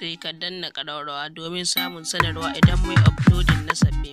sai ka danna ƙararrawa domin samun sanarwa idan mai uploading na sabbi.